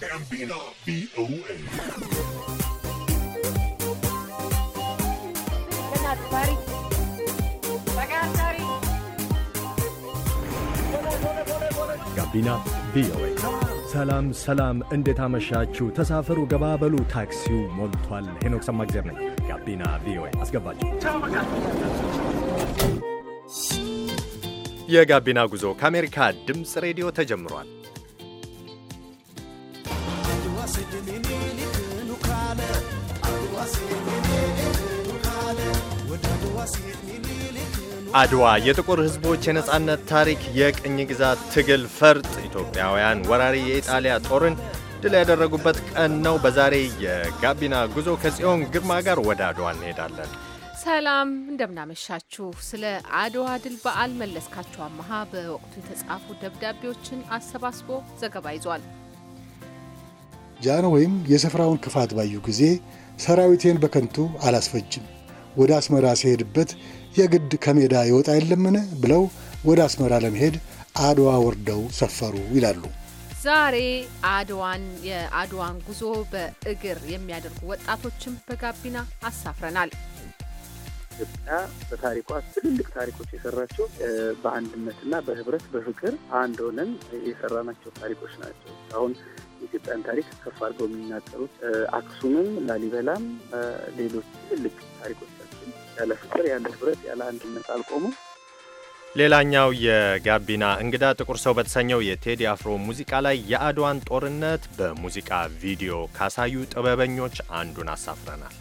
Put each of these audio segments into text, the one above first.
ጋቢና ቪኦኤ ጋቢና ቪኦኤ። ሰላም ሰላም፣ እንዴት አመሻችሁ? ተሳፈሩ፣ ገባበሉ፣ ታክሲው ሞልቷል። ሄኖክ ሰማግዜር ነኝ። ጋቢና ቪኦኤ አስገባችሁ። የጋቢና ጉዞ ከአሜሪካ ድምፅ ሬዲዮ ተጀምሯል። አድዋ የጥቁር ሕዝቦች የነጻነት ታሪክ የቅኝ ግዛት ትግል ፈርጥ ኢትዮጵያውያን ወራሪ የኢጣሊያ ጦርን ድል ያደረጉበት ቀን ነው። በዛሬ የጋቢና ጉዞ ከጽዮን ግርማ ጋር ወደ አድዋ እንሄዳለን። ሰላም እንደምናመሻችሁ። ስለ አድዋ ድል በዓል መለስካቸው አመሃ በወቅቱ የተጻፉ ደብዳቤዎችን አሰባስቦ ዘገባ ይዟል። ወይም የስፍራውን ክፋት ባዩ ጊዜ ሰራዊቴን በከንቱ አላስፈጅም ወደ አስመራ ሲሄድበት የግድ ከሜዳ ይወጣ የለምን ብለው ወደ አስመራ ለመሄድ አድዋ ወርደው ሰፈሩ ይላሉ። ዛሬ አድዋን የአድዋን ጉዞ በእግር የሚያደርጉ ወጣቶችን በጋቢና አሳፍረናል። ኢትዮጵያ በታሪኳ ትልልቅ ታሪኮች የሰራቸው በአንድነትና በህብረት በፍቅር አንድ ሆነን የሰራናቸው ታሪኮች ናቸው። አሁን የኢትዮጵያን ታሪክ ከፍ አድርገው የሚናገሩት አክሱምም፣ ላሊበላም ሌሎች ትልልቅ ታሪኮች ያለ ፍቅር፣ ያለ ህብረት፣ ያለ አንድነት አልቆሙም። ሌላኛው የጋቢና እንግዳ ጥቁር ሰው በተሰኘው የቴዲ አፍሮ ሙዚቃ ላይ የአድዋን ጦርነት በሙዚቃ ቪዲዮ ካሳዩ ጥበበኞች አንዱን አሳፍረናል።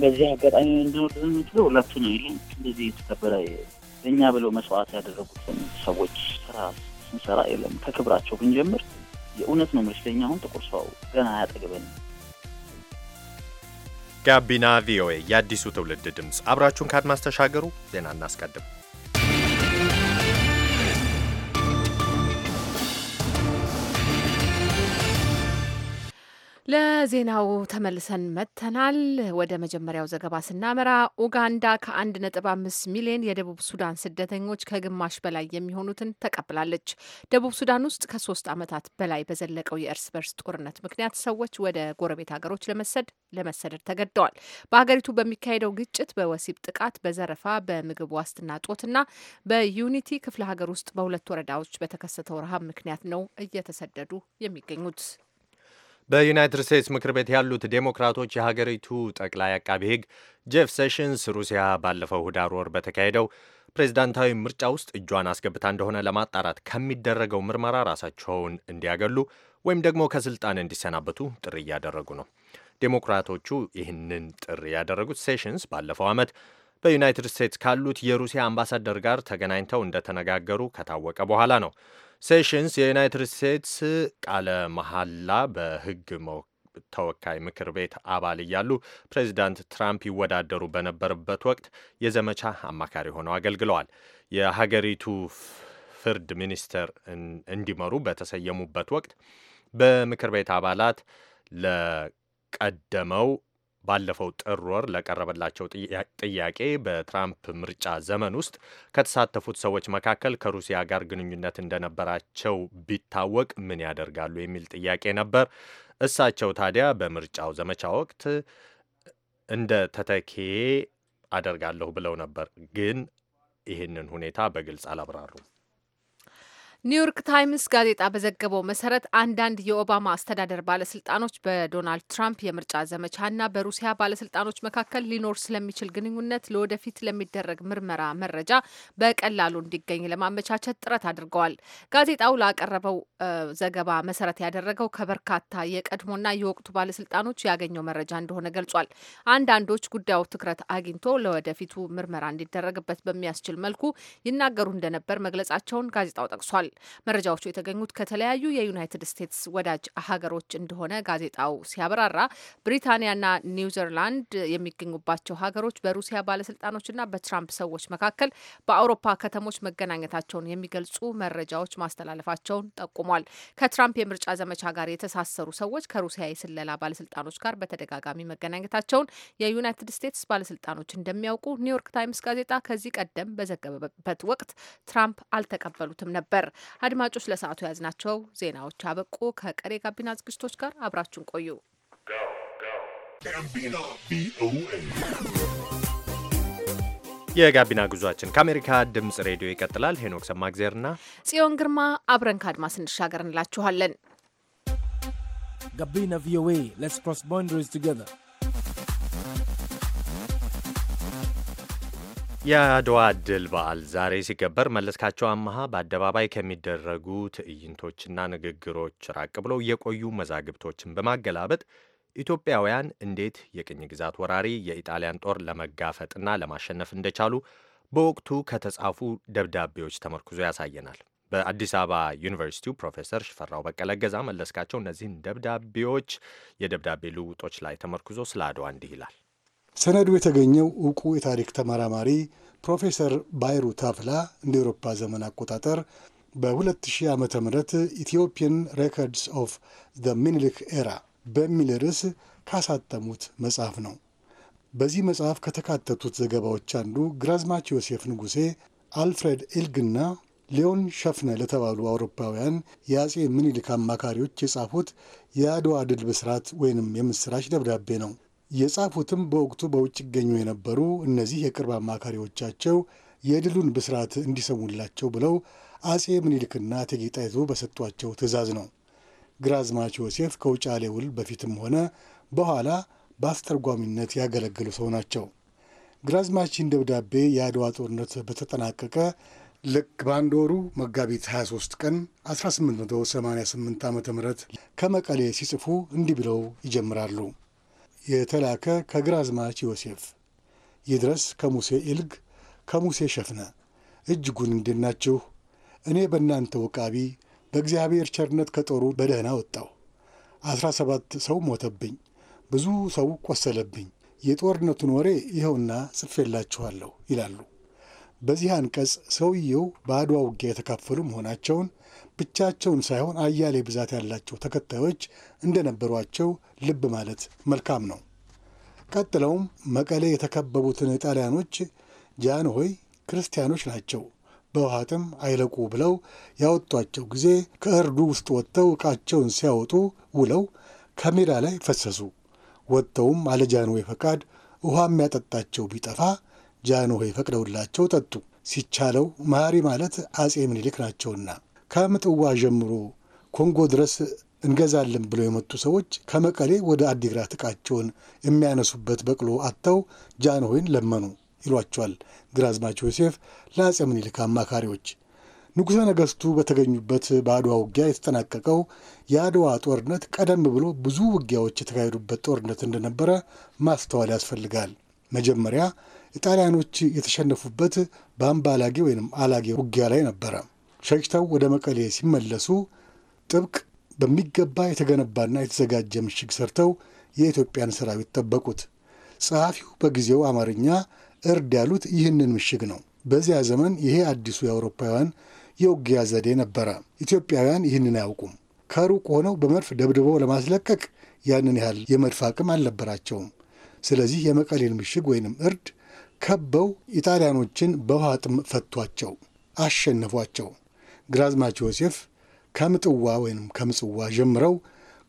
በዚህ አጋጣሚ እንደወደ የምችለው ሁለቱ ነው ይሉ እንደዚህ የተከበረ እኛ ብለው መስዋዕት ያደረጉትን ሰዎች ስራ ስንሰራ የለም ከክብራቸው ብንጀምር የእውነት ነው መስለኛ አሁን ጥቁር ሰው ገና አያጠግበን ጋቢና ቪኦኤ የአዲሱ ትውልድ ድምፅ። አብራችሁን ካድማስ ተሻገሩ። ዜና እናስቀድም። ለዜናው ተመልሰን መጥተናል። ወደ መጀመሪያው ዘገባ ስናመራ ኡጋንዳ ከ1.5 ሚሊዮን የደቡብ ሱዳን ስደተኞች ከግማሽ በላይ የሚሆኑትን ተቀብላለች። ደቡብ ሱዳን ውስጥ ከሶስት ዓመታት በላይ በዘለቀው የእርስ በርስ ጦርነት ምክንያት ሰዎች ወደ ጎረቤት ሀገሮች ለመሰድ ለመሰደድ ተገደዋል። በሀገሪቱ በሚካሄደው ግጭት፣ በወሲብ ጥቃት፣ በዘረፋ፣ በምግብ ዋስትና ጦትና በዩኒቲ ክፍለ ሀገር ውስጥ በሁለት ወረዳዎች በተከሰተው ረሃብ ምክንያት ነው እየተሰደዱ የሚገኙት። በዩናይትድ ስቴትስ ምክር ቤት ያሉት ዴሞክራቶች የሀገሪቱ ጠቅላይ አቃቢ ሕግ ጄፍ ሴሽንስ ሩሲያ ባለፈው ህዳር ወር በተካሄደው ፕሬዝዳንታዊ ምርጫ ውስጥ እጇን አስገብታ እንደሆነ ለማጣራት ከሚደረገው ምርመራ ራሳቸውን እንዲያገሉ ወይም ደግሞ ከስልጣን እንዲሰናበቱ ጥሪ እያደረጉ ነው። ዴሞክራቶቹ ይህንን ጥሪ ያደረጉት ሴሽንስ ባለፈው ዓመት በዩናይትድ ስቴትስ ካሉት የሩሲያ አምባሳደር ጋር ተገናኝተው እንደተነጋገሩ ከታወቀ በኋላ ነው። ሴሽንስ የዩናይትድ ስቴትስ ቃለ መሐላ በሕግ ተወካይ ምክር ቤት አባል እያሉ ፕሬዚዳንት ትራምፕ ይወዳደሩ በነበረበት ወቅት የዘመቻ አማካሪ ሆነው አገልግለዋል። የሀገሪቱ ፍርድ ሚኒስትር እንዲመሩ በተሰየሙበት ወቅት በምክር ቤት አባላት ለቀደመው ባለፈው ጥር ወር ለቀረበላቸው ጥያቄ በትራምፕ ምርጫ ዘመን ውስጥ ከተሳተፉት ሰዎች መካከል ከሩሲያ ጋር ግንኙነት እንደነበራቸው ቢታወቅ ምን ያደርጋሉ የሚል ጥያቄ ነበር። እሳቸው ታዲያ በምርጫው ዘመቻ ወቅት እንደ ተተኬ አደርጋለሁ ብለው ነበር፣ ግን ይህንን ሁኔታ በግልጽ አላብራሩም። ኒውዮርክ ታይምስ ጋዜጣ በዘገበው መሰረት አንዳንድ የኦባማ አስተዳደር ባለስልጣኖች በዶናልድ ትራምፕ የምርጫ ዘመቻና በሩሲያ ባለስልጣኖች መካከል ሊኖር ስለሚችል ግንኙነት ለወደፊት ለሚደረግ ምርመራ መረጃ በቀላሉ እንዲገኝ ለማመቻቸት ጥረት አድርገዋል። ጋዜጣው ላቀረበው ዘገባ መሰረት ያደረገው ከበርካታ የቀድሞና የወቅቱ ባለስልጣኖች ያገኘው መረጃ እንደሆነ ገልጿል። አንዳንዶች ጉዳዩ ትኩረት አግኝቶ ለወደፊቱ ምርመራ እንዲደረግበት በሚያስችል መልኩ ይናገሩ እንደነበር መግለጻቸውን ጋዜጣው ጠቅሷል። ገልጿል። መረጃዎቹ የተገኙት ከተለያዩ የዩናይትድ ስቴትስ ወዳጅ ሀገሮች እንደሆነ ጋዜጣው ሲያብራራ ብሪታንያና ኒውዚርላንድ የሚገኙባቸው ሀገሮች በሩሲያ ባለስልጣኖችና በትራምፕ ሰዎች መካከል በአውሮፓ ከተሞች መገናኘታቸውን የሚገልጹ መረጃዎች ማስተላለፋቸውን ጠቁሟል። ከትራምፕ የምርጫ ዘመቻ ጋር የተሳሰሩ ሰዎች ከሩሲያ የስለላ ባለስልጣኖች ጋር በተደጋጋሚ መገናኘታቸውን የዩናይትድ ስቴትስ ባለስልጣኖች እንደሚያውቁ ኒውዮርክ ታይምስ ጋዜጣ ከዚህ ቀደም በዘገበበት ወቅት ትራምፕ አልተቀበሉትም ነበር። አድማጮች ለሰዓቱ የያዝናቸው ዜናዎች አበቁ። ከቀሪ ጋቢና ዝግጅቶች ጋር አብራችሁን ቆዩ። የጋቢና ጉዟችን ከአሜሪካ ድምጽ ሬዲዮ ይቀጥላል። ሄኖክ ሰማግዜርና ጽዮን ግርማ አብረን ከአድማስ እንሻገር እንላችኋለን። ጋቢና ቪኦኤ ሌትስ ክሮስ ባውንደሪስ ቱጌዘር የአድዋ ድል በዓል ዛሬ ሲከበር መለስካቸው አመሃ በአደባባይ ከሚደረጉ ትዕይንቶችና ንግግሮች ራቅ ብለው የቆዩ መዛግብቶችን በማገላበጥ ኢትዮጵያውያን እንዴት የቅኝ ግዛት ወራሪ የኢጣሊያን ጦር ለመጋፈጥና ለማሸነፍ እንደቻሉ በወቅቱ ከተጻፉ ደብዳቤዎች ተመርኩዞ ያሳየናል። በአዲስ አበባ ዩኒቨርሲቲው ፕሮፌሰር ሽፈራው በቀለ ገዛ መለስካቸው እነዚህን ደብዳቤዎች የደብዳቤ ልውጦች ላይ ተመርኩዞ ስለ አድዋ እንዲህ ይላል። ሰነዱ የተገኘው እውቁ የታሪክ ተመራማሪ ፕሮፌሰር ባይሩ ታፍላ እንደ ኤሮፓ ዘመን አቆጣጠር በ2000 ዓ ም ኢትዮጵያን ሬኮርድስ ኦፍ ዘ ሚኒሊክ ኤራ በሚል ርዕስ ካሳተሙት መጽሐፍ ነው። በዚህ መጽሐፍ ከተካተቱት ዘገባዎች አንዱ ግራዝማች ዮሴፍ ንጉሴ፣ አልፍሬድ ኢልግና ሊዮን ሸፍነ ለተባሉ አውሮፓውያን የአጼ ምኒልክ አማካሪዎች የጻፉት የአድዋ ድል ብስራት ወይንም የምስራች ደብዳቤ ነው። የጻፉትም በወቅቱ በውጭ ይገኙ የነበሩ እነዚህ የቅርብ አማካሪዎቻቸው የድሉን ብስራት እንዲሰሙላቸው ብለው አጼ ምኒልክና እቴጌ ጣይቱ በሰጧቸው ትእዛዝ ነው። ግራዝማች ዮሴፍ ከውጫሌ ውል በፊትም ሆነ በኋላ በአስተርጓሚነት ያገለገሉ ሰው ናቸው። ግራዝማችን ደብዳቤ የአድዋ ጦርነት በተጠናቀቀ ልክ በአንድ ወሩ መጋቢት 23 ቀን 1888 ዓ ም ከመቀሌ ሲጽፉ እንዲህ ብለው ይጀምራሉ። የተላከ ከግራዝማች ዮሴፍ ይድረስ ከሙሴ ኢልግ ከሙሴ ሸፍነ እጅጉን እንዴት ናችሁ? እኔ በእናንተ ውቃቢ በእግዚአብሔር ቸርነት ከጦሩ በደህና ወጣሁ። አስራ ሰባት ሰው ሞተብኝ፣ ብዙ ሰው ቆሰለብኝ። የጦርነቱን ወሬ ይኸውና ጽፌላችኋለሁ ይላሉ። በዚህ አንቀጽ ሰውየው በአድዋ ውጊያ የተካፈሉ መሆናቸውን ብቻቸውን ሳይሆን አያሌ ብዛት ያላቸው ተከታዮች እንደነበሯቸው ልብ ማለት መልካም ነው። ቀጥለውም መቀሌ የተከበቡትን ጣሊያኖች ጃንሆይ ክርስቲያኖች ናቸው፣ በውሃ ጥም አይለቁ ብለው ያወጧቸው ጊዜ ከእርዱ ውስጥ ወጥተው ዕቃቸውን ሲያወጡ ውለው ከሜዳ ላይ ፈሰሱ። ወጥተውም አለ ጃንሆይ ፈቃድ ውሃ የሚያጠጣቸው ቢጠፋ ጃንሆይ ፈቅደውላቸው ጠጡ። ሲቻለው መሐሪ ማለት አጼ ምኒልክ ናቸውና ከምጥዋ ጀምሮ ኮንጎ ድረስ እንገዛለን ብለው የመጡ ሰዎች ከመቀሌ ወደ አዲግራት ዕቃቸውን የሚያነሱበት በቅሎ አጥተው ጃንሆይን ለመኑ ይሏቸዋል ግራዝማች ዮሴፍ ለአጼ ምኒልክ አማካሪዎች። ንጉሠ ነገሥቱ በተገኙበት በአድዋ ውጊያ የተጠናቀቀው የአድዋ ጦርነት ቀደም ብሎ ብዙ ውጊያዎች የተካሄዱበት ጦርነት እንደነበረ ማስተዋል ያስፈልጋል። መጀመሪያ ኢጣሊያኖች የተሸነፉበት በአምባላጌ ወይም አላጌ ውጊያ ላይ ነበረ። ሸሽተው ወደ መቀሌ ሲመለሱ ጥብቅ በሚገባ የተገነባና የተዘጋጀ ምሽግ ሰርተው የኢትዮጵያን ሰራዊት ጠበቁት። ጸሐፊው በጊዜው አማርኛ እርድ ያሉት ይህንን ምሽግ ነው። በዚያ ዘመን ይሄ አዲሱ የአውሮፓውያን የውጊያ ዘዴ ነበረ። ኢትዮጵያውያን ይህንን አያውቁም። ከሩቅ ሆነው በመድፍ ደብድበው ለማስለቀቅ ያንን ያህል የመድፍ አቅም አልነበራቸውም። ስለዚህ የመቀሌን ምሽግ ወይንም እርድ ከበው ኢጣሊያኖችን በውሃ ጥም ፈቷቸው፣ አሸነፏቸው። ግራዝማች ዮሴፍ ከምጥዋ ወይም ከምጽዋ ጀምረው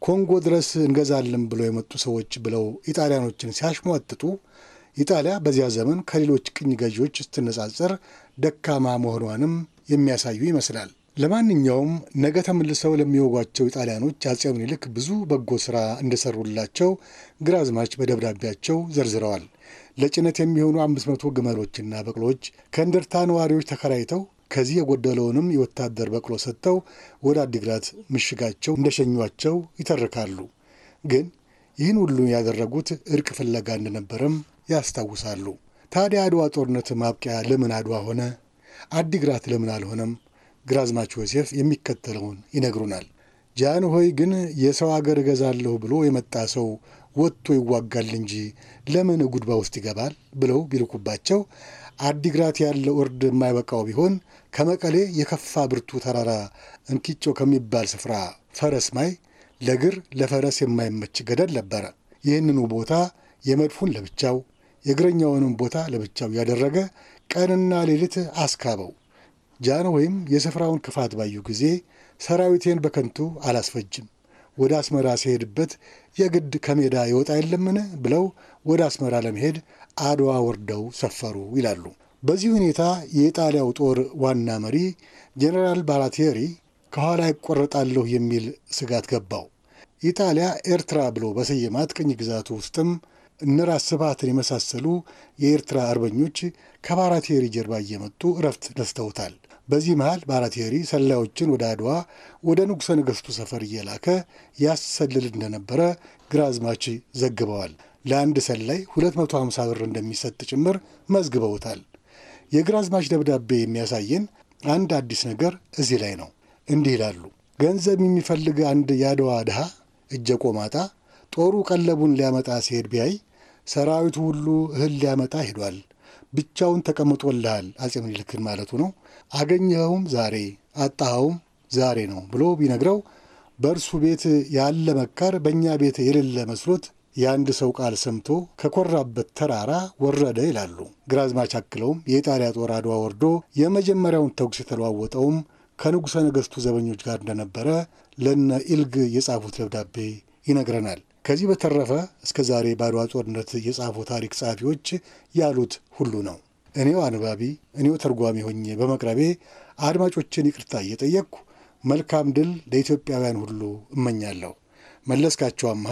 ኮንጎ ድረስ እንገዛለን ብለው የመጡ ሰዎች ብለው ኢጣሊያኖችን ሲያሽሟጥጡ ኢጣሊያ በዚያ ዘመን ከሌሎች ቅኝ ገዢዎች ስትነጻጸር ደካማ መሆኗንም የሚያሳዩ ይመስላል። ለማንኛውም ነገ ተመልሰው ለሚወጓቸው ኢጣሊያኖች አጼ ምኒልክ ብዙ በጎ ሥራ እንደሰሩላቸው ግራዝማች በደብዳቤያቸው ዘርዝረዋል። ለጭነት የሚሆኑ 500 ግመሎችና በቅሎች ከእንደርታ ነዋሪዎች ተከራይተው ከዚህ የጎደለውንም የወታደር በቅሎ ሰጥተው ወደ አዲግራት ምሽጋቸው እንደሸኟቸው ይተርካሉ። ግን ይህን ሁሉ ያደረጉት እርቅ ፍለጋ እንደነበረም ያስታውሳሉ። ታዲያ አድዋ ጦርነት ማብቂያ ለምን አድዋ ሆነ? አዲግራት ለምን አልሆነም? ግራዝማች ዮሴፍ የሚከተለውን ይነግሩናል። ጃንሆይ ግን የሰው አገር እገዛለሁ ብሎ የመጣ ሰው ወጥቶ ይዋጋል እንጂ ለምን ጉድባ ውስጥ ይገባል ብለው ቢልኩባቸው አዲግራት ያለው እርድ የማይበቃው ቢሆን ከመቀሌ የከፋ ብርቱ ተራራ እንኪጮ ከሚባል ስፍራ ፈረስ ማይ ለግር ለፈረስ የማይመች ገደል ነበረ። ይህንኑ ቦታ የመድፉን ለብቻው የእግረኛውንም ቦታ ለብቻው ያደረገ ቀንና ሌሊት አስካበው። ጃን ወይም የስፍራውን ክፋት ባዩ ጊዜ ሰራዊቴን በከንቱ አላስፈጅም፣ ወደ አስመራ ሲሄድበት የግድ ከሜዳ ይወጣ የለምን ብለው ወደ አስመራ ለመሄድ አድዋ ወርደው ሰፈሩ ይላሉ። በዚህ ሁኔታ የኢጣሊያው ጦር ዋና መሪ ጄኔራል ባራቴሪ ከኋላ ይቆረጣለሁ የሚል ስጋት ገባው። ኢጣሊያ ኤርትራ ብሎ በሰየማት ቅኝ ግዛቱ ውስጥም እነራስ ራስ የመሳሰሉ የኤርትራ አርበኞች ከባራቴሪ ጀርባ እየመጡ እረፍት ነስተውታል። በዚህ መሃል ባራቴሪ ሰላዮችን ወደ አድዋ ወደ ንጉሠ ነገሥቱ ሰፈር እየላከ ያሰልል እንደነበረ ግራዝማች ዘግበዋል። ለአንድ ሰላይ 250 ብር እንደሚሰጥ ጭምር መዝግበውታል። የግራዝማች ደብዳቤ የሚያሳየን አንድ አዲስ ነገር እዚህ ላይ ነው። እንዲህ ይላሉ። ገንዘብ የሚፈልግ አንድ የአድዋ ድሃ እጀ ቆማጣ ጦሩ ቀለቡን ሊያመጣ ሲሄድ ቢያይ ሰራዊቱ ሁሉ እህል ሊያመጣ ሄዷል፣ ብቻውን ተቀምጦልሃል አጼ ምኒልክን ማለቱ ነው። አገኘኸውም ዛሬ አጣኸውም ዛሬ ነው ብሎ ቢነግረው በእርሱ ቤት ያለ መካር በእኛ ቤት የሌለ መስሎት የአንድ ሰው ቃል ሰምቶ ከኮራበት ተራራ ወረደ ይላሉ ግራዝማች። አክለውም የኢጣሊያ ጦር አድዋ ወርዶ የመጀመሪያውን ተኩስ የተለዋወጠውም ከንጉሠ ነገሥቱ ዘበኞች ጋር እንደነበረ ለነ ኢልግ የጻፉት ደብዳቤ ይነግረናል። ከዚህ በተረፈ እስከ ዛሬ በአድዋ ጦርነት የጻፉ ታሪክ ጸሐፊዎች ያሉት ሁሉ ነው። እኔው አንባቢ እኔው ተርጓሚ ሆኜ በመቅረቤ አድማጮችን ይቅርታ እየጠየቅኩ መልካም ድል ለኢትዮጵያውያን ሁሉ እመኛለሁ። መለስካቸው አምሃ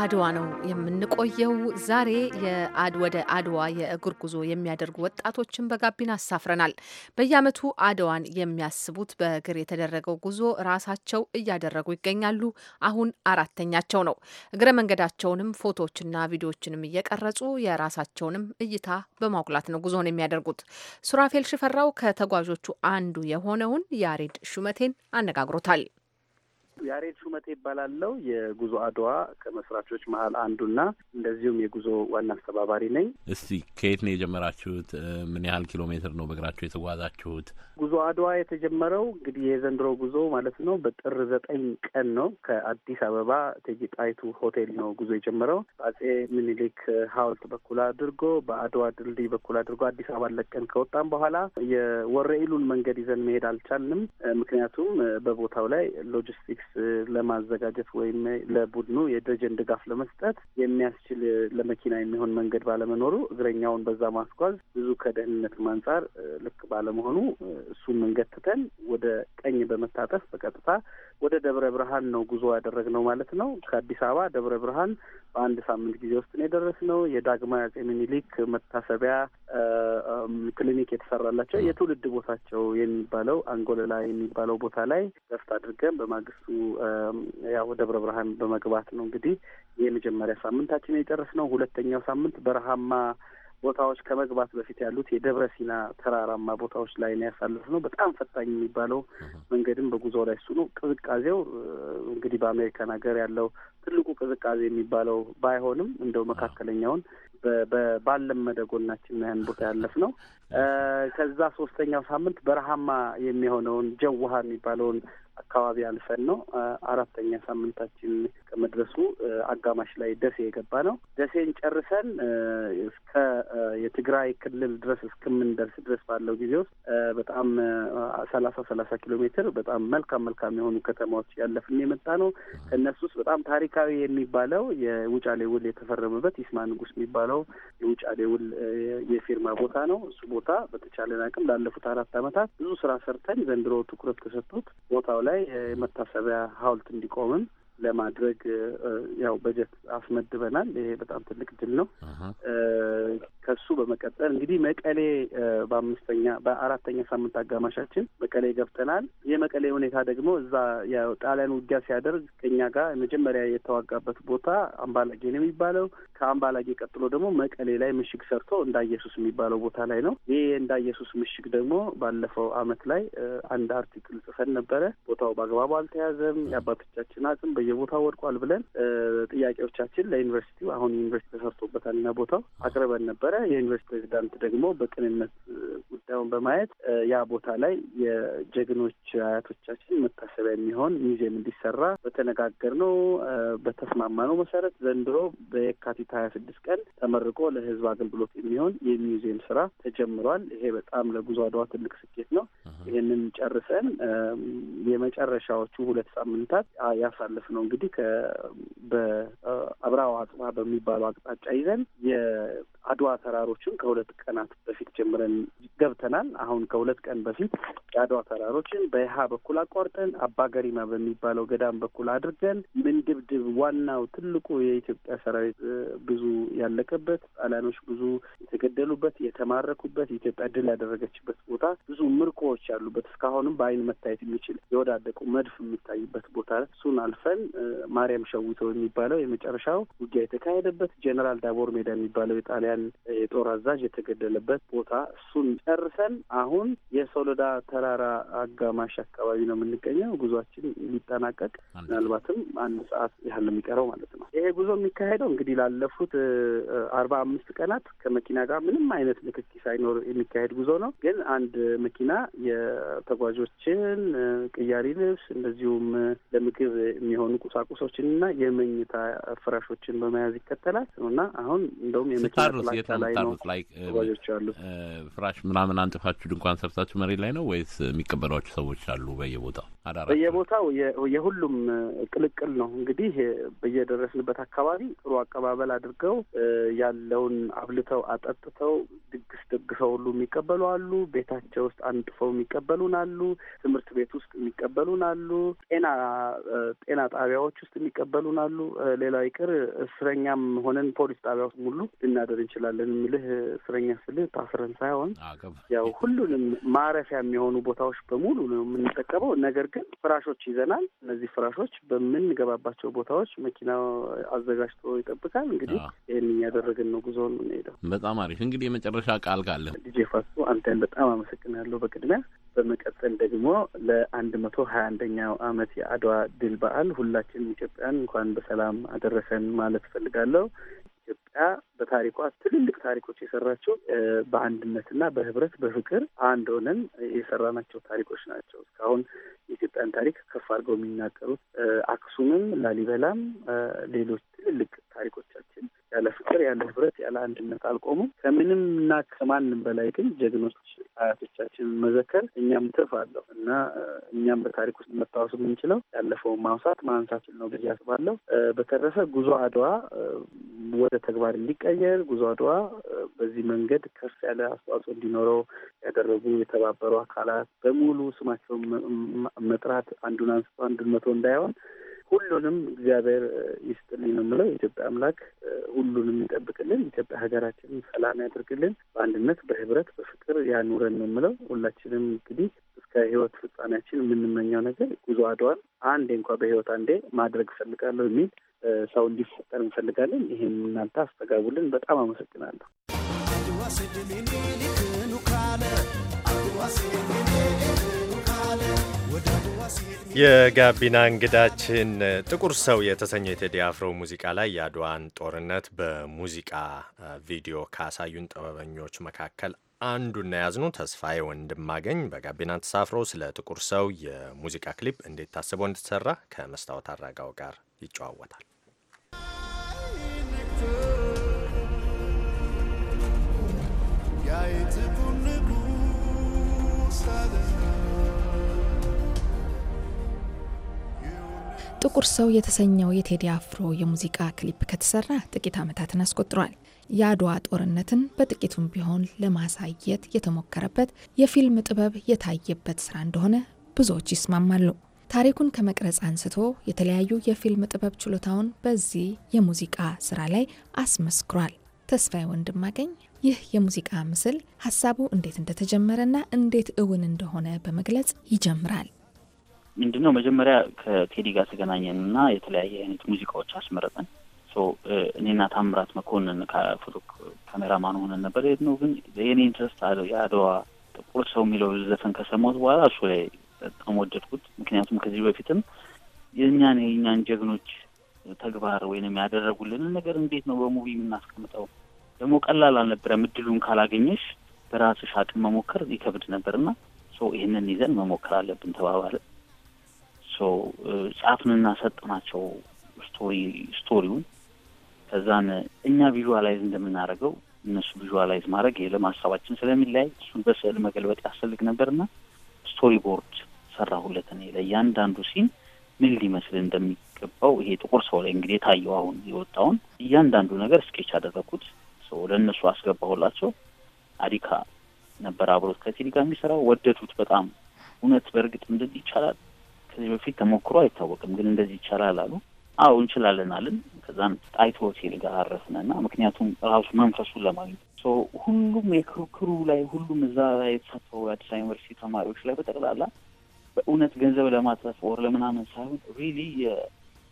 አድዋ ነው የምንቆየው። ዛሬ ወደ አድዋ የእግር ጉዞ የሚያደርጉ ወጣቶችን በጋቢና አሳፍረናል። በየዓመቱ አድዋን የሚያስቡት በእግር የተደረገው ጉዞ ራሳቸው እያደረጉ ይገኛሉ። አሁን አራተኛቸው ነው። እግረ መንገዳቸውንም ፎቶዎችና ቪዲዮዎችንም እየቀረጹ የራሳቸውንም እይታ በማጉላት ነው ጉዞን የሚያደርጉት። ሱራፌል ሽፈራው ከተጓዦቹ አንዱ የሆነውን ያሬድ ሹመቴን አነጋግሮታል። ያሬድ ሹመቴ ይባላለው የጉዞ አድዋ ከመስራቾች መሀል አንዱና እንደዚሁም የጉዞ ዋና አስተባባሪ ነኝ። እስቲ ከየት ነው የጀመራችሁት? ምን ያህል ኪሎ ሜትር ነው በእግራችሁ የተጓዛችሁት? ጉዞ አድዋ የተጀመረው እንግዲህ የዘንድሮ ጉዞ ማለት ነው በጥር ዘጠኝ ቀን ነው። ከአዲስ አበባ እቴጌ ጣይቱ ሆቴል ነው ጉዞ የጀመረው። በአጼ ምኒልክ ሐውልት በኩል አድርጎ በአድዋ ድልድይ በኩል አድርጎ አዲስ አበባ ለቀን ከወጣም በኋላ የወረኢሉን መንገድ ይዘን መሄድ አልቻልንም። ምክንያቱም በቦታው ላይ ሎጂስቲክስ ለማዘጋጀት ወይም ለቡድኑ የደጀን ድጋፍ ለመስጠት የሚያስችል ለመኪና የሚሆን መንገድ ባለመኖሩ እግረኛውን በዛ ማስጓዝ ብዙ ከደህንነትም አንጻር ልክ ባለመሆኑ እሱን መንገድ ትተን ወደ ቀኝ በመታጠፍ በቀጥታ ወደ ደብረ ብርሃን ነው ጉዞ ያደረግነው ማለት ነው። ከአዲስ አበባ ደብረ ብርሃን በአንድ ሳምንት ጊዜ ውስጥ ነው የደረስነው። የዳግማዊ አጼ ምኒልክ መታሰቢያ ክሊኒክ የተሰራላቸው የትውልድ ቦታቸው የሚባለው አንጎለላ የሚባለው ቦታ ላይ ገፍት አድርገን በማግስቱ ያው ደብረ ብርሃን በመግባት ነው እንግዲህ የመጀመሪያ ሳምንታችን የጨረስነው። ሁለተኛው ሳምንት በረሃማ ቦታዎች ከመግባት በፊት ያሉት የደብረ ሲና ተራራማ ቦታዎች ላይ ነው ያሳለፍ ነው። በጣም ፈታኝ የሚባለው መንገድም በጉዞ ላይ እሱ ነው። ቅዝቃዜው እንግዲህ በአሜሪካን ሀገር ያለው ትልቁ ቅዝቃዜ የሚባለው ባይሆንም እንደው መካከለኛውን ባለመደ ጎናችን ያን ቦታ ያለፍ ነው። ከዛ ሶስተኛው ሳምንት በረሃማ የሚሆነውን ጀውሃ የሚባለውን አካባቢ አልፈን ነው አራተኛ ሳምንታችን ከመድረሱ አጋማሽ ላይ ደሴ የገባ ነው። ደሴን ጨርሰን እስከ የትግራይ ክልል ድረስ እስከምንደርስ ድረስ ባለው ጊዜ ውስጥ በጣም ሰላሳ ሰላሳ ኪሎ ሜትር በጣም መልካም መልካም የሆኑ ከተማዎች ያለፍን የመጣ ነው። ከእነሱ ውስጥ በጣም ታሪካዊ የሚባለው የውጫሌ ውል የተፈረመበት ይስማ ንጉስ የሚባለው የውጫሌ ውል የፊርማ ቦታ ነው። እሱ ቦታ በተቻለን አቅም ላለፉት አራት ዓመታት ብዙ ስራ ሰርተን ዘንድሮ ትኩረት ተሰጥቶት ቦታው ላይ የመታሰቢያ ሀውልት እንዲቆምም ለማድረግ ያው በጀት አስመድበናል። ይሄ በጣም ትልቅ ድል ነው። ከሱ በመቀጠል እንግዲህ መቀሌ በአምስተኛ በአራተኛ ሳምንት አጋማሻችን መቀሌ ገብተናል። የመቀሌ ሁኔታ ደግሞ እዛ ያው ጣሊያን ውጊያ ሲያደርግ ከኛ ጋር መጀመሪያ የተዋጋበት ቦታ አምባላጌ ነው የሚባለው። ከአምባላጌ ቀጥሎ ደግሞ መቀሌ ላይ ምሽግ ሰርቶ እንዳ ኢየሱስ የሚባለው ቦታ ላይ ነው። ይህ እንዳ ኢየሱስ ምሽግ ደግሞ ባለፈው አመት ላይ አንድ አርቲክል ጽፈን ነበረ። ቦታው በአግባቡ አልተያዘም። የአባቶቻችን አጽም በየቦታው ወድቋል ብለን ጥያቄዎቻችን ለዩኒቨርሲቲው አሁን ዩኒቨርሲቲ ተሰርቶበታል እና ቦታው አቅርበን ነበረ። የዩኒቨርሲቲ ፕሬዚዳንት ደግሞ በቅንነት ጉዳዩን በማየት ያ ቦታ ላይ የጀግኖች አያቶቻችን መታሰቢያ የሚሆን ሚዚየም እንዲሰራ በተስማማ ነው መሰረት ዘንድሮ በየካቲት ሀያ ስድስት ቀን ተመርቆ ለህዝብ አገልግሎት የሚሆን የሚዚየም ስራ ተጀምሯል። ይሄ በጣም ለጉዞ አድዋ ትልቅ ስኬት ነው። ይህንን ጨርሰን የመጨረሻዎቹ ሁለት ሳምንታት ያሳለፍነው ነው እንግዲህ በአብራው አጽባ በሚባለው አቅጣጫ ይዘን አድዋ ተራሮችን ከሁለት ቀናት በፊት ጀምረን ገብተናል። አሁን ከሁለት ቀን በፊት የአድዋ ተራሮችን በይሃ በኩል አቋርጠን አባገሪማ በሚባለው ገዳም በኩል አድርገን ምንድብድብ ዋናው ትልቁ የኢትዮጵያ ሰራዊት ብዙ ያለቀበት፣ ጣሊያኖች ብዙ የተገደሉበት፣ የተማረኩበት፣ ኢትዮጵያ ድል ያደረገችበት ቦታ ብዙ ምርኮዎች ያሉበት እስካሁንም በአይን መታየት የሚችል የወዳደቁ መድፍ የሚታይበት ቦታ እሱን አልፈን ማርያም ሸዊቶ የሚባለው የመጨረሻው ውጊያ የተካሄደበት ጄኔራል ዳቦር ሜዳ የሚባለው የጣሊያ ቀን የጦር አዛዥ የተገደለበት ቦታ እሱን ጨርሰን አሁን የሶሎዳ ተራራ አጋማሽ አካባቢ ነው የምንገኘው። ጉዟችን ሊጠናቀቅ ምናልባትም አንድ ሰዓት ያህል የሚቀረው ማለት ነው። ይሄ ጉዞ የሚካሄደው እንግዲህ ላለፉት አርባ አምስት ቀናት ከመኪና ጋር ምንም አይነት ንክኪ ሳይኖር የሚካሄድ ጉዞ ነው። ግን አንድ መኪና የተጓዦችን ቅያሪ ልብስ እንደዚሁም ለምግብ የሚሆኑ ቁሳቁሶችንና የመኝታ ፍራሾችን በመያዝ ይከተላል እና አሁን እንደውም የመኪና የት ነው የምታርፉት? ላይ uh, uh, ፍራሽ ምናምን አንጥፋችሁ ድንኳን ሰርታችሁ መሬት ላይ ነው ወይስ የሚቀበሏችሁ ሰዎች አሉ? በየቦታው አዳራ በየቦታው የሁሉም ቅልቅል ነው። እንግዲህ በየደረስንበት አካባቢ ጥሩ አቀባበል አድርገው uh, ያለውን አብልተው አጠጥተው ድግስ ደግፈው ሁሉ የሚቀበሉ አሉ። ቤታቸው ውስጥ አንጥፈው የሚቀበሉን አሉ። ትምህርት ቤት ውስጥ የሚቀበሉን አሉ። ጤና ጤና ጣቢያዎች ውስጥ የሚቀበሉን አሉ። ሌላው ይቅር እስረኛም ሆነን ፖሊስ ጣቢያ ውስጥ ሙሉ ልናደር እንችላለን የሚልህ እስረኛ ስልህ ታስረን ሳይሆን ያው ሁሉንም ማረፊያ የሚሆኑ ቦታዎች በሙሉ ነው የምንጠቀመው። ነገር ግን ፍራሾች ይዘናል። እነዚህ ፍራሾች በምንገባባቸው ቦታዎች መኪና አዘጋጅቶ ይጠብቃል። እንግዲህ ይህን እያደረግን ነው ጉዞ የምንሄደው። በጣም አሪፍ። እንግዲህ የመጨረሻ ቃል ካለ ዲጄ ፋሱ አንተን በጣም አመሰግናለሁ በቅድሚያ በመቀጠል ደግሞ ለአንድ መቶ ሀያ አንደኛው አመት የአድዋ ድል በዓል ሁላችንም ኢትዮጵያን እንኳን በሰላም አደረሰን ማለት እፈልጋለሁ። ኢትዮጵያ በታሪኳ ትልልቅ ታሪኮች የሰራቸው በአንድነትና በህብረት በፍቅር አንድ ሆነን የሰራናቸው ታሪኮች ናቸው። እስካሁን የኢትዮጵያን ታሪክ ከፍ አድርገው የሚናገሩት አክሱምም፣ ላሊበላም፣ ሌሎች ትልልቅ ታሪኮቻችን ያለ ፍቅር ያለ ህብረት ያለ አንድነት አልቆሙም። ከምንም እና ከማንም በላይ ግን ጀግኖች አያቶቻችንን መዘከር እኛም ትርፍ አለው እና እኛም በታሪክ ውስጥ መታወስ የምንችለው ያለፈውን ማውሳት ማንሳት ነው ብዬ አስባለሁ። በተረፈ ጉዞ አድዋ ወደ ተግባር እንዲቀየር ጉዞ አድዋ በዚህ መንገድ ከፍ ያለ አስተዋጽኦ እንዲኖረው ያደረጉ የተባበሩ አካላት በሙሉ ስማቸውን መጥራት አንዱን አንስቶ አንዱን መቶ እንዳይሆን ሁሉንም እግዚአብሔር ይስጥልኝ ነው የምለው። የኢትዮጵያ አምላክ ሁሉንም ይጠብቅልን። ኢትዮጵያ ሀገራችንን ሰላም ያደርግልን። በአንድነት በህብረት በፍቅር ያኑረን ነው የምለው። ሁላችንም እንግዲህ እስከ ህይወት ፍጻሜያችን የምንመኘው ነገር ጉዞ አድዋን አንዴ እንኳ በህይወት አንዴ ማድረግ እፈልጋለሁ የሚል ሰው እንዲፈጠር እንፈልጋለን። ይህን እናንተ አስተጋቡልን። በጣም አመሰግናለሁ። የጋቢና እንግዳችን ጥቁር ሰው የተሰኘ የቴዲ አፍሮ ሙዚቃ ላይ የአድዋን ጦርነት በሙዚቃ ቪዲዮ ካሳዩን ጥበበኞች መካከል አንዱና ያዝኑ ተስፋዬ ወንድማገኝ በጋቢና ተሳፍሮ ስለ ጥቁር ሰው የሙዚቃ ክሊፕ እንዴት ታስቦ እንደተሰራ ከመስታወት አራጋው ጋር ይጨዋወታል። ጥቁር ሰው የተሰኘው የቴዲ አፍሮ የሙዚቃ ክሊፕ ከተሰራ ጥቂት ዓመታትን አስቆጥሯል። የአድዋ ጦርነትን በጥቂቱም ቢሆን ለማሳየት የተሞከረበት የፊልም ጥበብ የታየበት ስራ እንደሆነ ብዙዎች ይስማማሉ። ታሪኩን ከመቅረጽ አንስቶ የተለያዩ የፊልም ጥበብ ችሎታውን በዚህ የሙዚቃ ስራ ላይ አስመስክሯል። ተስፋዬ ወንድማገኝ ይህ የሙዚቃ ምስል ሀሳቡ እንዴት እንደተጀመረና እንዴት እውን እንደሆነ በመግለጽ ይጀምራል። ምንድነው መጀመሪያ ከቴዲ ጋር ተገናኘን እና የተለያየ አይነት ሙዚቃዎች አስመረጠን። እኔና ታምራት መኮንን ከፎቶ ካሜራማን ሆነን ነበር ነው። ግን የኔ ኢንትረስት የአድዋ ጥቁር ሰው የሚለው ዘፈን ከሰማሁት በኋላ እሱ ላይ በጣም ወደድኩት። ምክንያቱም ከዚህ በፊትም የእኛን የእኛን ጀግኖች ተግባር ወይንም ያደረጉልንን ነገር እንዴት ነው በሙቪ የምናስቀምጠው? ደግሞ ቀላል አልነበረም። እድሉን ካላገኘሽ በራስሽ አቅም መሞከር ይከብድ ነበርና ይህንን ይዘን መሞከር አለብን ተባባለ። ሶ ጻፍንና ሰጥናቸው ስቶሪ ስቶሪውን ከዛን እኛ ቪዥዋላይዝ እንደምናደርገው እነሱ ቪዥዋላይዝ ማድረግ የለም ሀሳባችን ስለሚለያይ እሱን በስዕል መገልበጥ ያስፈልግ ነበርና ስቶሪ ቦርድ ሰራሁለት እኔ ለእያንዳንዱ ሲን ምን ሊመስል እንደሚገባው ይሄ ጥቁር ሰው ላይ እንግዲህ የታየው አሁን የወጣውን እያንዳንዱ ነገር ስኬች አደረግኩት። ሰው ለእነሱ አስገባሁላቸው። አዲካ ነበር አብሮት ከቲዲ ጋር የሚሰራው ወደዱት በጣም እውነት። በእርግጥ እንደዚህ ይቻላል ከዚህ በፊት ተሞክሮ አይታወቅም፣ ግን እንደዚህ ይቻላል አሉ። አዎ እንችላለን አለን። ከዛን ጣይቱ ሆቴል ጋር አረፍነና ምክንያቱም ራሱ መንፈሱን ለማግኘት ሁሉም የክርክሩ ላይ ሁሉም እዛ ላይ የተሳተፉ የአዲስ አበባ ዩኒቨርሲቲ ተማሪዎች ላይ በጠቅላላ በእውነት ገንዘብ ለማትረፍ ወር ለምናምን ሳይሆን ሪሊ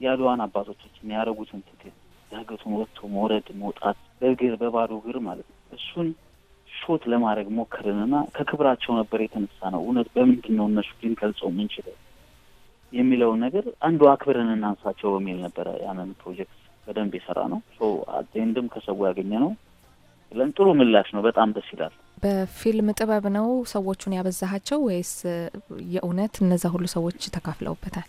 የአድዋን አባቶቻችን ያደረጉትን ትግል ዳገቱን ወጥቶ መውረድ መውጣት፣ በእግር በባዶ እግር ማለት ነው። እሱን ሾት ለማድረግ ሞከርንና ከክብራቸው ነበር የተነሳ ነው። እውነት በምንድን ነው እነሱ ግን ገልጸው ምንችለው የሚለውን ነገር አንዱ አክብረን እናንሳቸው በሚል ነበረ ያንን ፕሮጀክት በደንብ የሰራ ነው። አንድም ከሰው ያገኘ ነው ብለን ጥሩ ምላሽ ነው። በጣም ደስ ይላል። በፊልም ጥበብ ነው ሰዎቹን ያበዛሃቸው ወይስ የእውነት እነዛ ሁሉ ሰዎች ተካፍለውበታል?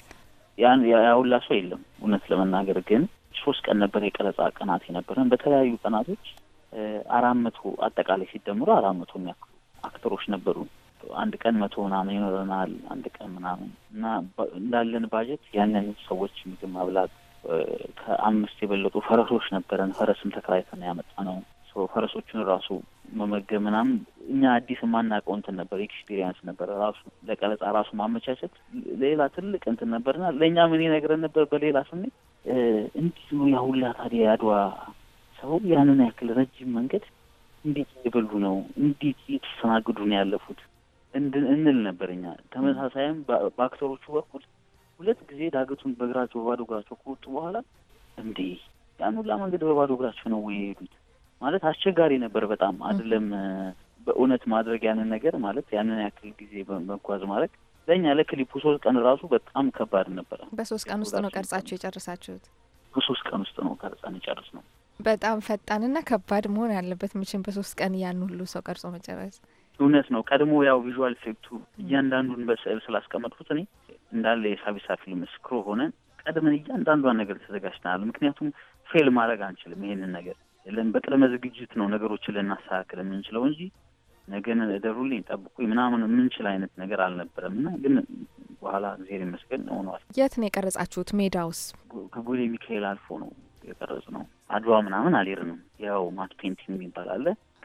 ያሁላ ሰው የለም። እውነት ለመናገር ግን ሶስት ቀን ነበር የቀረጻ ቀናት የነበረን። በተለያዩ ቀናቶች አራት መቶ አጠቃላይ ሲደምሩ አራት መቶ የሚያክሉ አክተሮች ነበሩ። አንድ ቀን መቶ ምናምን ይኖረናል፣ አንድ ቀን ምናምን እና እንዳለን ባጀት ያንን ሰዎች ምግብ ማብላት ከአምስት የበለጡ ፈረሶች ነበረን። ፈረስም ተከራይተን ያመጣ ነው። ፈረሶቹን ራሱ መመገብ ምናምን እኛ አዲስ የማናውቀው እንትን ነበር፣ ኤክስፒሪየንስ ነበር። ራሱ ለቀለጻ ራሱ ማመቻቸት ሌላ ትልቅ እንትን ነበርና ለእኛ ምን ይነግረን ነበር በሌላ ስሜት እንዲህ ያሁላ ታዲያ ያድዋ ሰው ያንን ያክል ረጅም መንገድ እንዴት እየበሉ ነው? እንዴት እየተስተናግዱ ነው ያለፉት? እንል ነበር እኛ። ተመሳሳይም በአክተሮቹ በኩል ሁለት ጊዜ ዳገቱን በእግራቸው በባዶ እግራቸው ከወጡ በኋላ እንዴ ያን ሁላ መንገድ በባዶ እግራቸው ነው ወይ የሄዱት? ማለት አስቸጋሪ ነበር በጣም አይደለም። በእውነት ማድረግ ያንን ነገር ማለት ያንን ያክል ጊዜ መጓዝ ማድረግ ለእኛ ለክሊፑ ሶስት ቀን ራሱ በጣም ከባድ ነበረ። በሶስት ቀን ውስጥ ነው ቀርጻችሁ የጨርሳችሁት በሶስት ቀን ውስጥ ነው ቀርጸን የጨርስ ነው። በጣም ፈጣንና ከባድ መሆን ያለበት ምችን በሶስት ቀን ያን ሁሉ ሰው ቀርጾ መጨረስ እውነት ነው። ቀድሞ ያው ቪዥዋል ኢፌክቱ እያንዳንዱን በስዕል ስላስቀመጥኩት እኔ እንዳለ የሳቢሳ ፊልም ስክሮ ሆነን ቀድመን እያንዳንዷን ነገር ተዘጋጅተናል። ምክንያቱም ፌል ማድረግ አንችልም። ይሄንን ነገር ለን በቅድመ ዝግጅት ነው ነገሮችን ልናስተካክል የምንችለው እንጂ ነገን እደሩልኝ ጠብቁ ምናምን የምንችል አይነት ነገር አልነበረም እና ግን በኋላ እግዜር ይመስገን ሆኗል። የት ነው የቀረጻችሁት? ሜዳውስ ከቦሌ ሚካኤል አልፎ ነው የቀረጽ ነው። አድዋ ምናምን አልሄድንም። ያው ማት ፔንቲንግ የሚባል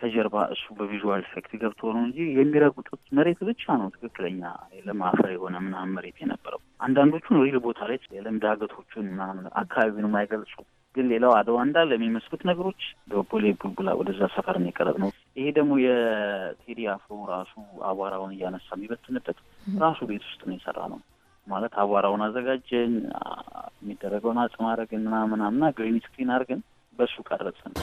ከጀርባ እሱ በቪዥዋል ኢፌክት ገብቶ ነው እንጂ የሚረግጡት መሬት ብቻ ነው ትክክለኛ የለም የሆነ ምናምን መሬት የነበረው። አንዳንዶቹን ሪል ቦታ ላይ የለም ዳገቶቹን ምናምን አካባቢውን አይገልጹ ግን ሌላው አድዋ እንዳለ የሚመስሉት ነገሮች በቦሌ ቡልቡላ ወደዛ ሰፈር ነው የቀረብ ነው። ይሄ ደግሞ የቴዲ አፍሮ ራሱ አቧራውን እያነሳ የሚበትንበት ራሱ ቤት ውስጥ ነው የሰራ ነው ማለት አቧራውን አዘጋጀን፣ የሚደረገውን አጽም አረግን ምናምናምና ግሪን ስክሪን አርገን በእሱ ቀረጽን።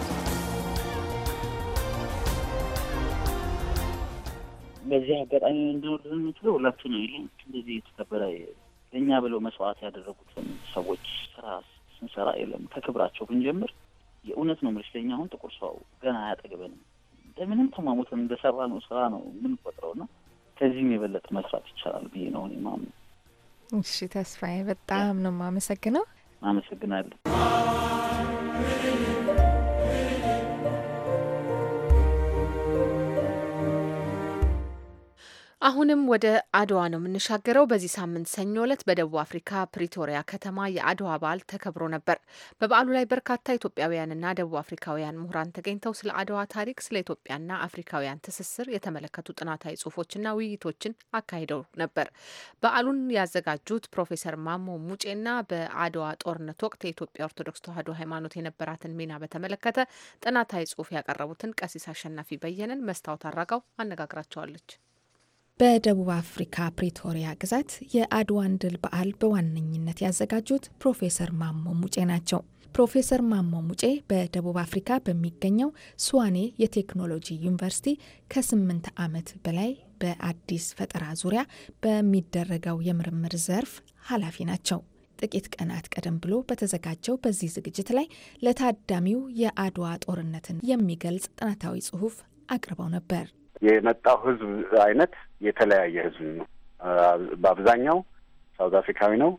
በዚህ አጋጣሚ እንዲወርዱ የምችለው ሁላችን ነው። ይህ እንደዚህ የተከበረ ለእኛ ብለው መስዋዕት ያደረጉትን ሰዎች ስራ ስንሰራ የለም ከክብራቸው ብንጀምር የእውነት ነው የምልሽ። ለእኛ አሁን ጥቁር ሰው ገና አያጠግበንም። ለምንም ተሟሙትን እንደሰራ ነው ስራ ነው የምንቆጥረው እና ከዚህም የበለጠ መስራት ይቻላል ብዬ ነው እኔ ማምነው። እሺ ተስፋዬ፣ በጣም ነው የማመሰግነው። አመሰግናለሁ። አሁንም ወደ አድዋ ነው የምንሻገረው። በዚህ ሳምንት ሰኞ ዕለት በደቡብ አፍሪካ ፕሪቶሪያ ከተማ የአድዋ በዓል ተከብሮ ነበር። በበዓሉ ላይ በርካታ ኢትዮጵያውያንና ደቡብ አፍሪካውያን ምሁራን ተገኝተው ስለ አድዋ ታሪክ፣ ስለ ኢትዮጵያና አፍሪካውያን ትስስር የተመለከቱ ጥናታዊ ጽሁፎችና ውይይቶችን አካሂደው ነበር። በዓሉን ያዘጋጁት ፕሮፌሰር ማሞ ሙጬና በአድዋ ጦርነት ወቅት የኢትዮጵያ ኦርቶዶክስ ተዋሕዶ ሃይማኖት የነበራትን ሚና በተመለከተ ጥናታዊ ጽሁፍ ያቀረቡትን ቀሲስ አሸናፊ በየነን መስታወት አራጋው አነጋግራቸዋለች። በደቡብ አፍሪካ ፕሪቶሪያ ግዛት የአድዋን ድል በዓል በዋነኝነት ያዘጋጁት ፕሮፌሰር ማሞ ሙጬ ናቸው። ፕሮፌሰር ማሞ ሙጬ በደቡብ አፍሪካ በሚገኘው ስዋኔ የቴክኖሎጂ ዩኒቨርሲቲ ከስምንት ዓመት በላይ በአዲስ ፈጠራ ዙሪያ በሚደረገው የምርምር ዘርፍ ኃላፊ ናቸው። ጥቂት ቀናት ቀደም ብሎ በተዘጋጀው በዚህ ዝግጅት ላይ ለታዳሚው የአድዋ ጦርነትን የሚገልጽ ጥናታዊ ጽሑፍ አቅርበው ነበር። የመጣው ህዝብ አይነት የተለያየ ህዝብ ነው። በአብዛኛው ሳውዝ አፍሪካዊ ነው።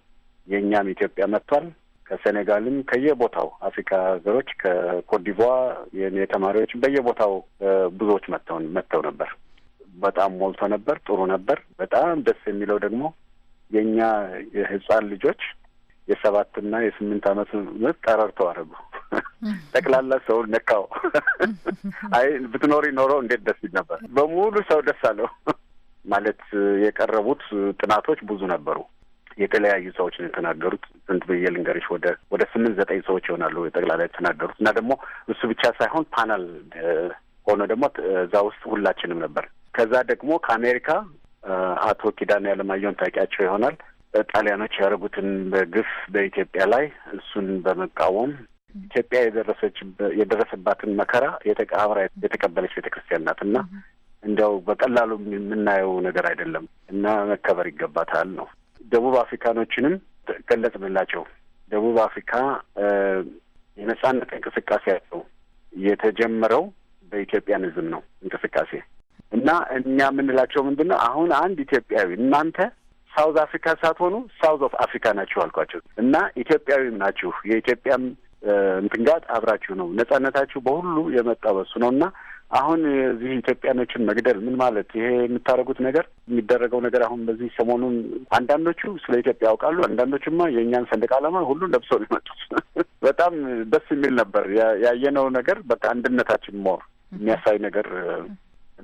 የእኛም ኢትዮጵያ መጥቷል። ከሴኔጋልም ከየቦታው አፍሪካ ሀገሮች ከኮትዲቯ የተማሪዎች በየቦታው ብዙዎች መጥተው መጥተው ነበር። በጣም ሞልቶ ነበር። ጥሩ ነበር። በጣም ደስ የሚለው ደግሞ የእኛ የህፃን ልጆች የሰባትና የስምንት ዓመት ምጥ ጠረርተው አደረጉ ጠቅላላ ሰው ነካው። አይ ብትኖሪ ኖሮ እንዴት ደስ ይል ነበር። በሙሉ ሰው ደስ አለው ማለት የቀረቡት ጥናቶች ብዙ ነበሩ። የተለያዩ ሰዎች ነው የተናገሩት። ስንት ብዬ ልንገርሽ? ወደ ወደ ስምንት ዘጠኝ ሰዎች ይሆናሉ ጠቅላላ የተናገሩት እና ደግሞ እሱ ብቻ ሳይሆን ፓናል ሆኖ ደግሞ እዛ ውስጥ ሁላችንም ነበር። ከዛ ደግሞ ከአሜሪካ አቶ ኪዳነ ያለማየሁን ታውቂያቸው ይሆናል። ጣሊያኖች ያደረጉትን በግፍ በኢትዮጵያ ላይ እሱን በመቃወም ኢትዮጵያ የደረሰባትን መከራ የተቃብራ የተቀበለች ቤተ ክርስቲያን ናት እና እንዲያው በቀላሉ የምናየው ነገር አይደለም እና መከበር ይገባታል ነው። ደቡብ አፍሪካኖችንም ገለጽንላቸው። ደቡብ አፍሪካ የነጻነት ያለው የተጀመረው በኢትዮጵያንዝም ነው እንቅስቃሴ እና እኛ የምንላቸው ምንድን ነው? አሁን አንድ ኢትዮጵያዊ እናንተ ሳውዝ አፍሪካ ሳትሆኑ ሳውዝ ኦፍ አፍሪካ ናችሁ አልኳቸው እና ኢትዮጵያዊም ናችሁ የኢትዮጵያም እንትን ጋር አብራችሁ ነው ነጻነታችሁ በሁሉ የመጣው በሱ ነው እና አሁን እዚህ ኢትዮጵያኖችን መግደል ምን ማለት ይሄ የምታደርጉት ነገር የሚደረገው ነገር አሁን በዚህ ሰሞኑን አንዳንዶቹ ስለ ኢትዮጵያ ያውቃሉ፣ አንዳንዶቹማ የእኛን ሰንደቅ ዓላማ ሁሉ ለብሰው የመጡት በጣም ደስ የሚል ነበር ያየነው ነገር በቃ አንድነታችን ሞር የሚያሳይ ነገር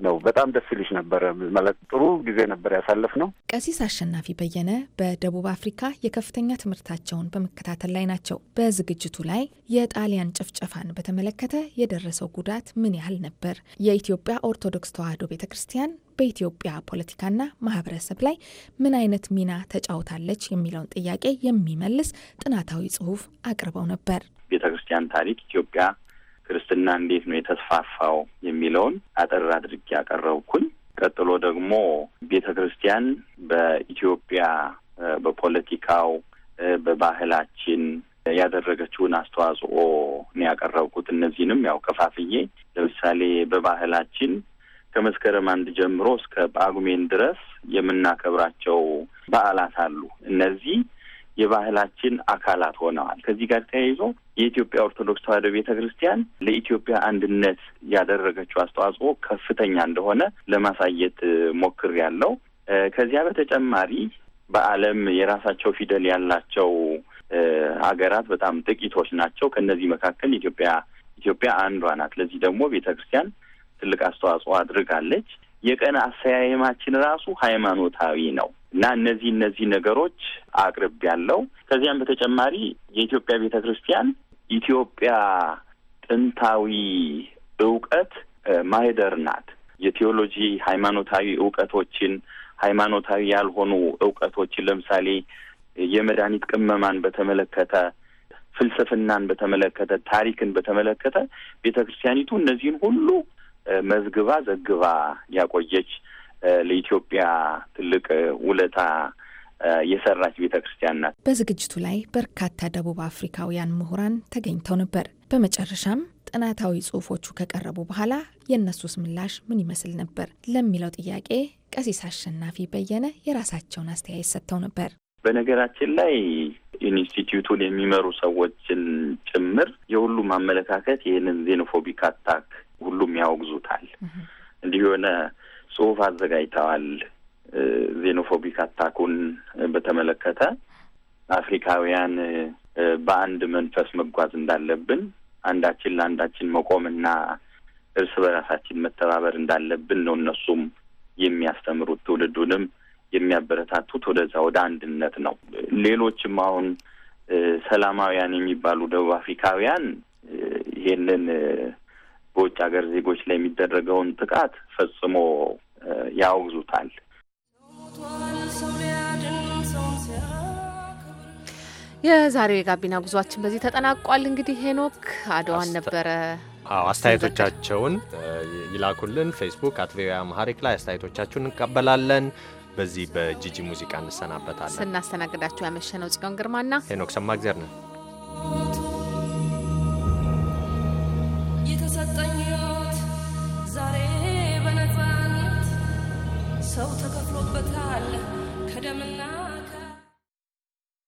ነው። በጣም ደስ ይልሽ ነበረ ማለት ጥሩ ጊዜ ነበር ያሳለፍ ነው። ቀሲስ አሸናፊ በየነ በደቡብ አፍሪካ የከፍተኛ ትምህርታቸውን በመከታተል ላይ ናቸው። በዝግጅቱ ላይ የጣሊያን ጭፍጨፋን በተመለከተ የደረሰው ጉዳት ምን ያህል ነበር? የኢትዮጵያ ኦርቶዶክስ ተዋሕዶ ቤተ ክርስቲያን በኢትዮጵያ ፖለቲካና ማህበረሰብ ላይ ምን አይነት ሚና ተጫውታለች የሚለውን ጥያቄ የሚመልስ ጥናታዊ ጽሑፍ አቅርበው ነበር። ቤተ ክርስቲያን ታሪክ ኢትዮጵያ ክርስትና እንዴት ነው የተስፋፋው የሚለውን አጠር አድርጌ ያቀረብኩኝ። ቀጥሎ ደግሞ ቤተ ክርስቲያን በኢትዮጵያ በፖለቲካው፣ በባህላችን ያደረገችውን አስተዋጽኦ ነው ያቀረብኩት። እነዚህንም ያው ከፋፍዬ ለምሳሌ በባህላችን ከመስከረም አንድ ጀምሮ እስከ ጳጉሜን ድረስ የምናከብራቸው በዓላት አሉ። እነዚህ የባህላችን አካላት ሆነዋል። ከዚህ ጋር ተያይዞ የኢትዮጵያ ኦርቶዶክስ ተዋሕዶ ቤተ ክርስቲያን ለኢትዮጵያ አንድነት ያደረገችው አስተዋጽኦ ከፍተኛ እንደሆነ ለማሳየት ሞክር ያለው። ከዚያ በተጨማሪ በዓለም የራሳቸው ፊደል ያላቸው ሀገራት በጣም ጥቂቶች ናቸው። ከእነዚህ መካከል ኢትዮጵያ ኢትዮጵያ አንዷ ናት። ለዚህ ደግሞ ቤተ ክርስቲያን ትልቅ አስተዋጽኦ አድርጋለች። የቀን አሰያየማችን ራሱ ሃይማኖታዊ ነው። እና እነዚህ እነዚህ ነገሮች አቅርብ ያለው ከዚያም በተጨማሪ የኢትዮጵያ ቤተ ክርስቲያን ኢትዮጵያ ጥንታዊ እውቀት ማህደር ናት። የቴዎሎጂ ሃይማኖታዊ እውቀቶችን፣ ሃይማኖታዊ ያልሆኑ እውቀቶችን ለምሳሌ የመድኃኒት ቅመማን በተመለከተ፣ ፍልስፍናን በተመለከተ፣ ታሪክን በተመለከተ ቤተ ክርስቲያኒቱ እነዚህን ሁሉ መዝግባ ዘግባ ያቆየች ለኢትዮጵያ ትልቅ ውለታ የሰራች ቤተ ክርስቲያን ናት። በዝግጅቱ ላይ በርካታ ደቡብ አፍሪካውያን ምሁራን ተገኝተው ነበር። በመጨረሻም ጥናታዊ ጽሁፎቹ ከቀረቡ በኋላ የእነሱስ ምላሽ ምን ይመስል ነበር ለሚለው ጥያቄ ቀሲስ አሸናፊ በየነ የራሳቸውን አስተያየት ሰጥተው ነበር። በነገራችን ላይ ኢንስቲትዩቱን የሚመሩ ሰዎችን ጭምር የሁሉም አመለካከት ይህንን ዜኖፎቢክ አታክ ሁሉም ያወግዙታል። እንዲህ የሆነ ጽሁፍ አዘጋጅተዋል። ዜኖፎቢክ አታኩን በተመለከተ አፍሪካውያን በአንድ መንፈስ መጓዝ እንዳለብን፣ አንዳችን ለአንዳችን መቆምና እርስ በራሳችን መተባበር እንዳለብን ነው እነሱም የሚያስተምሩት ትውልዱንም የሚያበረታቱት ወደዛ ወደ አንድነት ነው። ሌሎችም አሁን ሰላማውያን የሚባሉ ደቡብ አፍሪካውያን ይሄንን በውጭ ሀገር ዜጎች ላይ የሚደረገውን ጥቃት ፈጽሞ ያወግዙታል። የዛሬው የጋቢና ጉዟችን በዚህ ተጠናቋል። እንግዲህ ሄኖክ አድዋን ነበረ። አዎ አስተያየቶቻቸውን ይላኩልን። ፌስቡክ አት ቪኦኤ አማሪክ ላይ አስተያየቶቻችሁን እንቀበላለን። በዚህ በጂጂ ሙዚቃ እንሰናበታለን። ስናስተናግዳችሁ ያመሸነው ጽዮን ግርማና ሄኖክ ሰማእግዜር ነን። የተሰጠኝ ዛሬ ሰው ተከፍሎበታል።